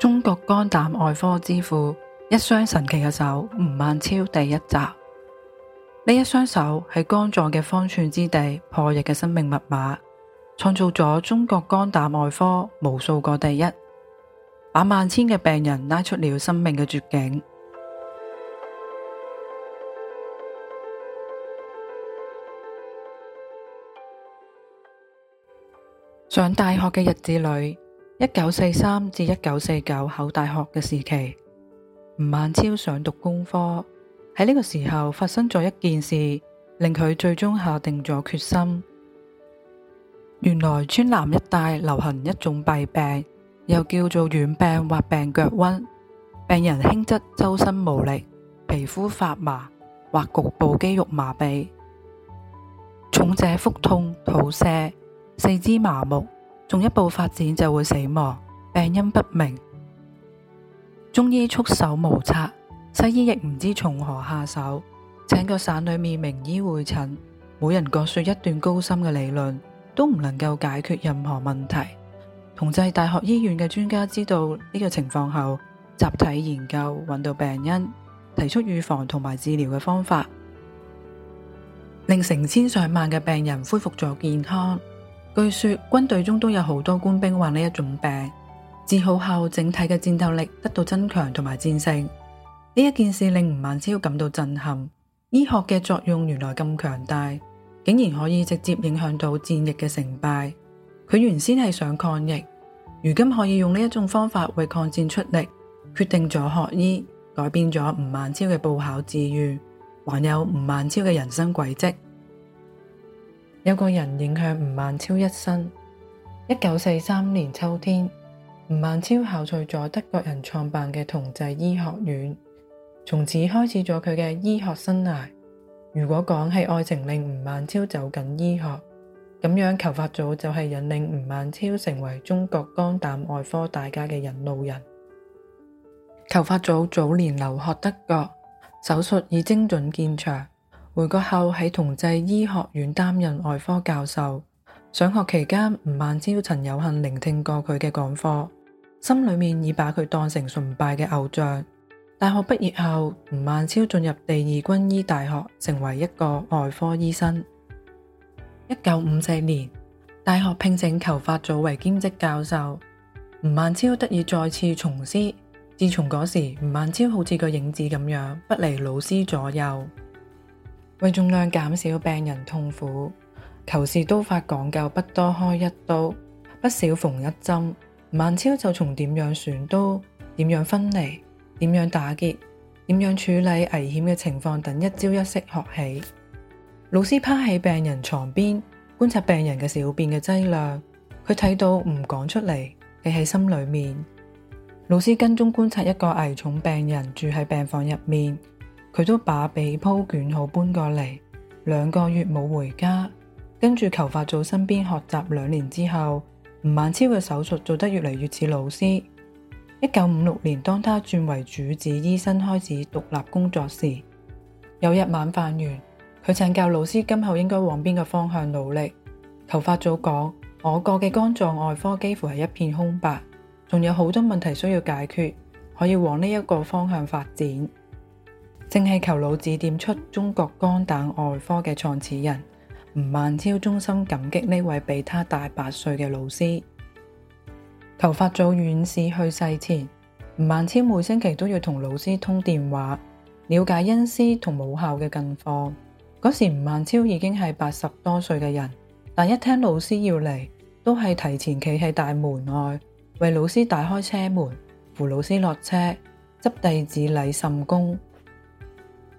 中國肝膽外科之父，一雙神奇嘅手，吳孟超第一集。呢一雙手喺肝臟嘅方寸之地，破譯嘅生命密碼，創造咗中國肝膽外科無數個第一，把萬千嘅病人拉出了生命嘅絕境。 上大學嘅日子裏。一九四三至一九四九考大學嘅時期，吳孟超想讀工科。喺呢個時候發生咗一件事，令佢最終下定咗決心。原來川南一帶流行一種弊病，又叫做軟病或病腳瘟。病人輕則周身無力、皮膚發麻或局部肌肉麻痹，重者腹痛、肚瀉、四肢麻木。進一步發展就會死亡，病因不明，中醫束手無策，西醫亦唔知從何下手，請個省裏面名醫會診，每人各說一段高深嘅理論，都唔能夠解決任何問題。同濟大學醫院嘅專家知道呢個情況後，集體研究揾到病因，提出預防同埋治療嘅方法，令成千上萬嘅病人恢復咗健康。據說軍隊中都有好多官兵患呢一種病，治好後整體嘅戰鬥力得到增強同埋戰勝。呢一件事令吳孟超感到震撼，醫學嘅作用原來咁強大，竟然可以直接影響到戰役嘅成敗。佢原先係想抗疫，如今可以用呢一種方法為抗戰出力，決定咗學醫，改變咗吳孟超嘅報考志願，還有吳孟超嘅人生軌跡。有個人影響吳孟超一生。一九四三年秋天，吳孟超考取咗德國人創辦嘅同濟醫學院，從此開始咗佢嘅醫學生涯。如果講係愛情令吳孟超走近醫學，咁樣裘法祖就係引領吳孟超成為中國肝膽外科大家嘅引路人。裘法祖早年留學德國，手術以精準見長。回國後喺同濟醫學院擔任外科教授。上學期間，吳孟超曾有幸聆聽過佢嘅講課，心裏面已把佢當成，成崇拜嘅偶像。大學畢業後，吳孟超進入第二軍醫大學，成為一個外科醫生。一九五四年，大學聘請裘法祖為兼職教授，吳孟超得以再次從師。自從嗰時，吳孟超好似個影子咁樣，不離老師左右。為盡量減少病人痛苦，求是刀法講究不多開一刀，不少縫一針。孟超就從點樣旋刀、點樣分離、點樣打結、點樣處理危險嘅情況等一朝一夕學起。老師趴喺病人床邊觀察病人嘅小便嘅劑量，佢睇到唔講出嚟，記喺心裏面。老師跟蹤觀察一個危重病人住喺病房入面。佢都把被鋪捲好搬過嚟，兩個月冇回家，跟住求法祖身邊學習兩年之後，吳孟超嘅手術做得越嚟越似老師。一九五六年，當他轉為主治醫生開始獨立工作時，有日晚飯完，佢請教老師今後應該往邊個方向努力。求法祖講：我國嘅肝臟外科幾乎係一片空白，仲有好多問題需要解決，可以往呢一個方向發展。正係裘老指點出中國肝膽外科嘅創始人吳孟超，衷心感激呢位比他大八歲嘅老師。裘法祖院士去世前，吳孟超每星期都要同老師通電話，了解恩師同母校嘅近況。嗰時吳孟超已經係八十多歲嘅人，但一聽老師要嚟，都係提前企喺大門外，為老師打開車門，扶老師落車，執弟子禮甚，甚恭。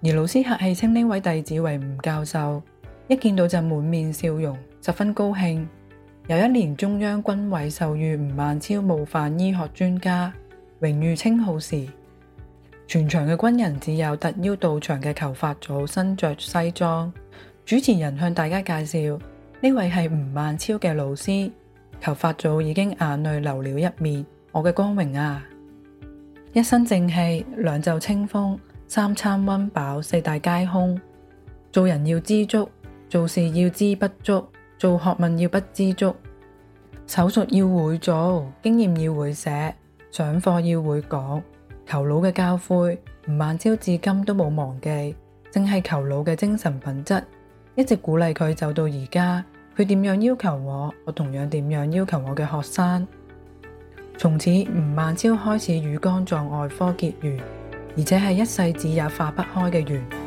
而老師客氣稱呢位弟子為吳教授，一見到就滿面笑容，十分高興。有一年中央軍委授予吳孟超模範醫學專家榮譽稱號時，全場嘅軍人只有特邀到場嘅裘法祖身着西裝。主持人向大家介紹呢位係吳孟超嘅老師，裘法祖已經眼淚流了一面。我嘅光榮啊，一身正氣，兩袖清風。三餐溫飽，四大皆空。做人要知足，做事要知不足，做學問要不知足。手術要會做，經驗要會寫，上課要會講。求老嘅教誨，吳孟超至今都冇忘記。正係求老嘅精神品質，一直鼓勵佢走到而家。佢點樣要求我，我同樣點樣要求我嘅學生。從此，吳孟超開始與肝臟外科結緣。而且係一世子也化不開嘅緣。